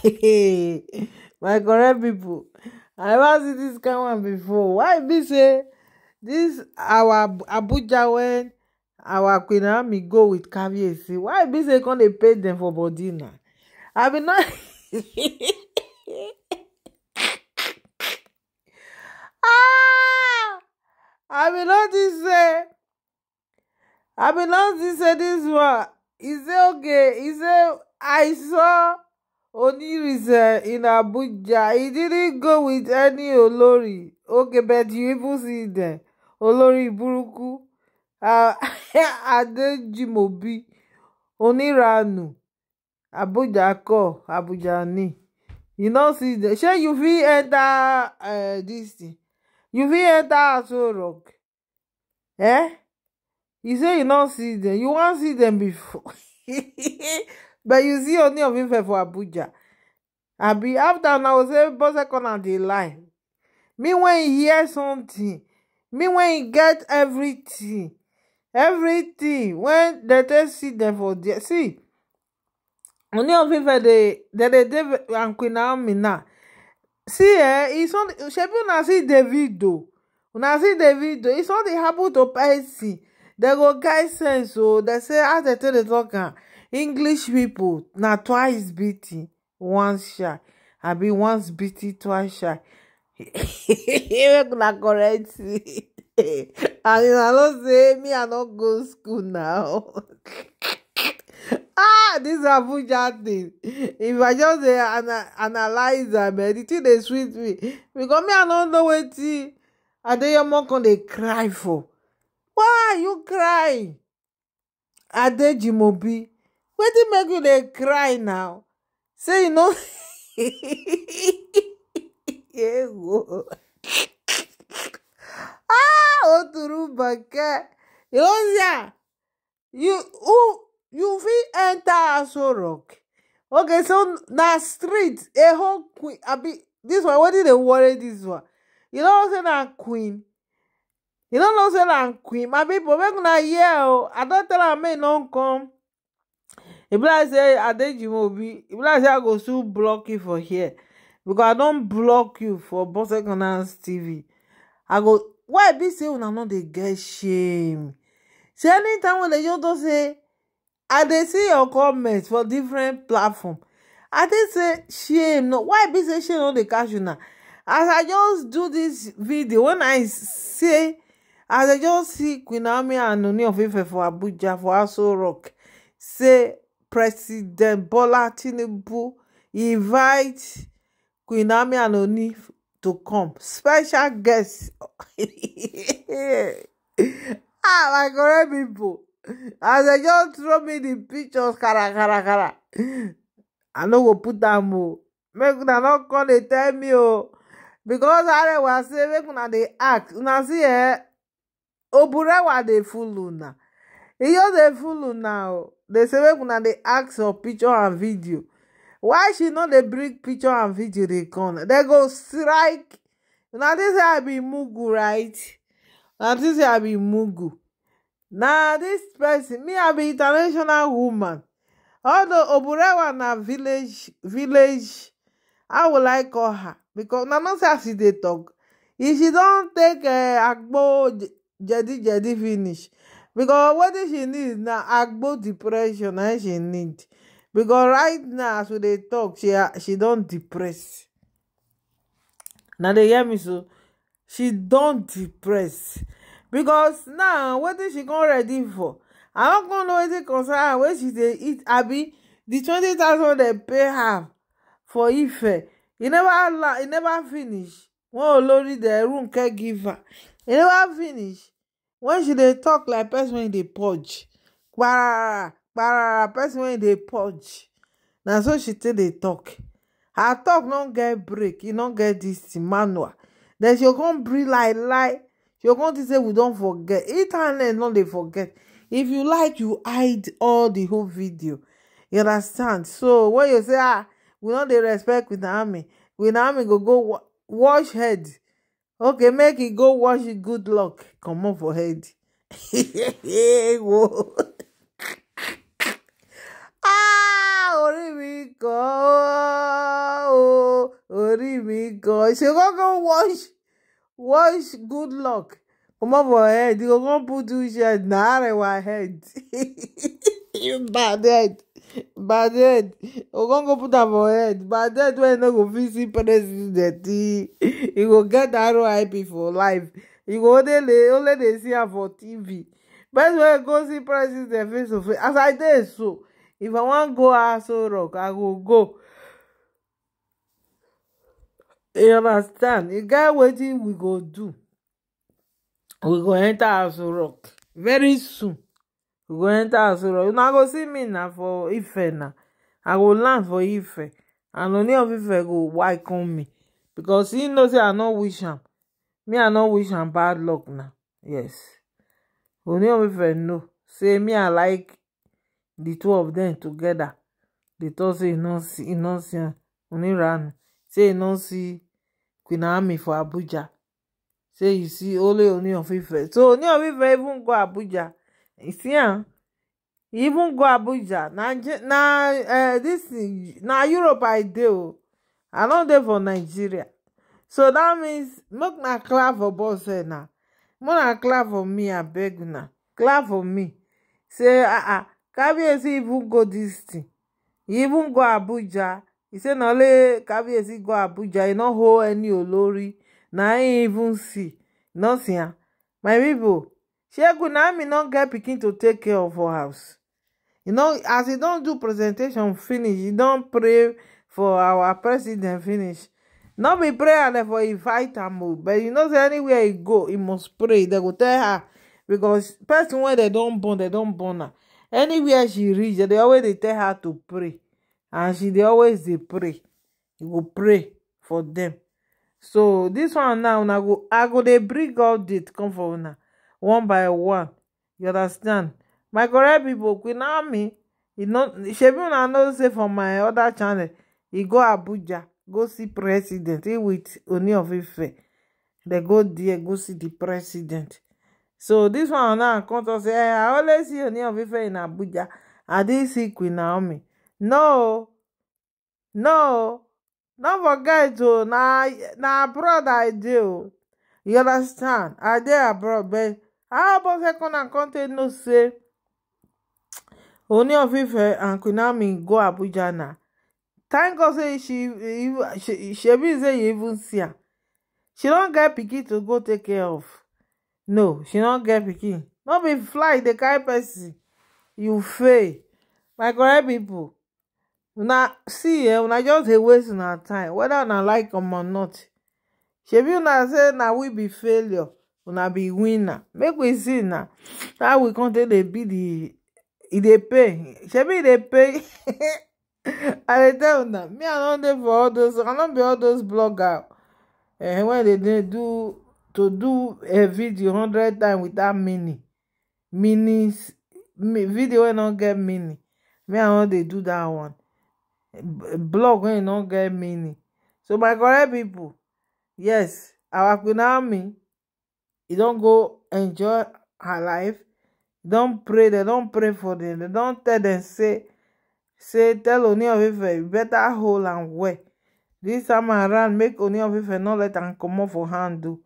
my correct people. i never see this kind one before why be say this our abuja when our queen army go with caviarcy why be say come dey pay them for body na i be not ah i be not. notice say i be not. notice say this one e say okay e say i saw Onirise in Abuja. He didn't go with any Olori. Okay, but you even see the Olori Buruku. Uh, Adejimobi. Oniranu. Abuja ko. Abuja ni. You know see them. Shey you fit enter uh, this thing. You fit enter Aso Rock. Eh? You say you no see them. You wan see them before. but you see only of ife for abuja abi after na go say bose corner dey lie me when e hear something me when e get everything everything when they take see them for there see only of ife dey dem dey dey and queen naomi now see eh e son shebi una see davido una see davido e something happen to person dem go get sense o oh. dem say how dem take dey talk am english people, na twice beating once shy i be once beating twice shy make una correct me and una know say me i no go school now ah dis abuja thing if i just an analyze, am eh the thing dey sweet me because me i no know wetin your mom dey cry for why you cry mobile. wetin make you dey cry now say you no ah, see ah oturu bake you know sia you who you fit enter aso rock ok so na street a whole queen abi this one wetin dey worry this one you no know say na queen you no know say na queen my pipo make una hear oh, don tell am make e don come. e be like say adejumobi e be like say i go still block you for here because i don block you for bose tv i go why be say una no dey get shame say anytime wey just don say i dey see your comments for different platform i dey say shame no why be say shame no dey catch una as i just do this video when i say as i just see queen naomi and oni of ife for abuja for aso rock say President Bola Tinubu invite Queen Ami Anoni to come. Special guest. ah, my correct people. As I just throw me the pictures, kara kara kara. I know go put am more. Oh. Make una not come dey tell me oh, Because Arewa saying make una dey act. Una see eh, Oburewa dey fool una e just dey full now dey say make una dey ask for picture and video why she no dey bring picture and video dey come dem go strike una think say i be mugu right una think say i be mugu na this person me i be international woman although oburewa na village village how will i call her because na no say as she dey talk if she don take eh, agbo jedi jedi finish because wetin she need na agbo depression na she need because right now as we dey talk she she don depress na dey hear me so she don depress because now wetin she come ready for i no come know wetin concern her wey she dey eat abi the twenty thousand dem pay her for ife e never la e never finish wọn olórí dey room caregiver. her e never finish When she dey talk like person wey dey purge kparara kparara person wey dey purge na so she take dey talk. her talk no get break e no get dis manual Then she go come breathe like lie she go come think say we don forget internet no dey forget if you like you hide all the whole video you understand so when you say ah we no dey respect with naomi With naomi go go wash head okay make e go oh, wash good luck Come on for head wo ah orí mi kọ́ o orí mi kọ́ ṣe kó kó wash wash good luck comot for head you go come put two shirt na arẹwà head you bad head bad head we con go put am for head bad head wey no go fit see president e go get rip for life e go only dey see am for tv best way go see president face to face as i dey so if i wan go aso rock i go go you understand e get wetin we go do we go enter aso rock very soon we go enter asura una go see me na for ife na i go land for ife and only of ife go welcome me because he know say i no wish am me i no wish am bad luck na yes only of ife know say me i like the two of them together dey talk say e no see oniranu say e no see queen army for abuja say you see only oni of ife so oni of ife even go abuja see am even go abuja na dis eh, na europe i dey oh i no dey for nigeria so that means make na clap for boss eh na more na clap for me abeg na clap for me say ah, ah kabiyesi even go dis thing e even go abuja e say na only kabiyesi go abuja e no hold any olori na im even see no see am ah, my pipo shegun naomi no get pikin to take care of her house you know as he don do presentation finish he don pray for our president finish no be prayer dem for e fight am o but you know say anywhere he go he must pray They go tell her because person where they don't born they don't born her anywhere she reach they always they tell her to pray and she they always they pray you go pray for them. so this one now now go. i go dey bring Did come for now. one by one you understand my correct pipo queen army know una know say for my other channel e go abuja go see president he with oni of ife dem go there go see di president so dis one now come to say hey, eh, i always see oni of ife in abuja i didn't see queen naomi no no no forget o oh, na abroad i dey o oh. you understand i dey abroad but how second and conte know say oni of ife and queen ami go abuja na thank god say she she. shebi say you even see she don't get pikin to go take care of no she don't get pikin no be fly the kind person you fail my correct people. una see eh una just dey waste una time whether una like am or not shebi una say na we be failure una be winner make we see na how we dey be di e dey pay shebi e dey pay i dey tell una me i don dey for all those i be all those bloggers they eh, dey do to do a video hundred times without meaning meaning video wey no get meaning me i one dey do that one blog wey e no get meaning so my correct pipo yes our pinna army e don't go enjoy her life Don't pray They don't pray for them. They don't tell them say say tell oni of ife you better hold and wait. This time around make oni of ife not let them come comot for hand do.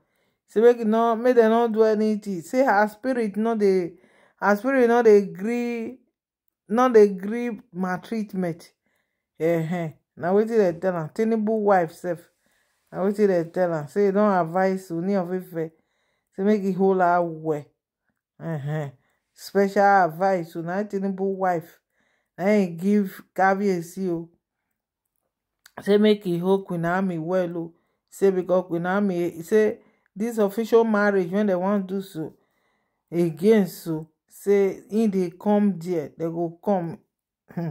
say make make dem no do anything say her spirit not the her spirit not dey gree no dey gree maltreatment eh na wetin they tell am tinubu wife self. sef na wetin they tell her. say don't advise oni of ife say make e whole her well uh-huh. special advice to na tinubu wife na him give kabiyesi o say make e hold queen naomi well o say because queen naomi say this official marriage wey dem wan do so again so say e they come there they go come hmm.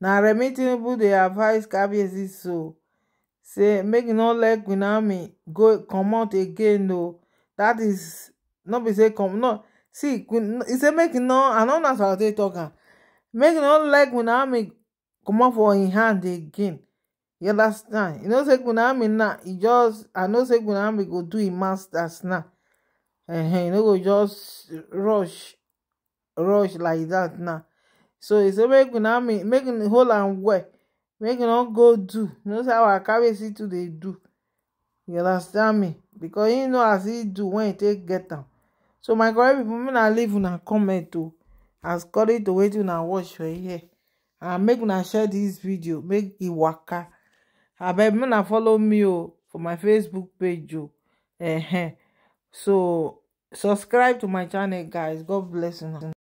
Now remi tinubu dey advise kabiyesi so say make e no let queen naomi go come out again o that is no be say come no see e say make no i no know as ah. i take talk am make no leg queen naomi comot for him hand again you understand you know say queen naomi now e just i know say queen naomi go do him masters now uh e no go just rush rush like dat now so e say make queen naomi make him hold am well make him no go do you know say our carry see dey do you understand me Because e know as he do when he take get am so my correct pipo make una leave una comment to, as according to wait when I watch for here and make when I share this video make it e work. waka abeg make I follow me o for my facebook page uh -huh. so subscribe to my channel guys god bless una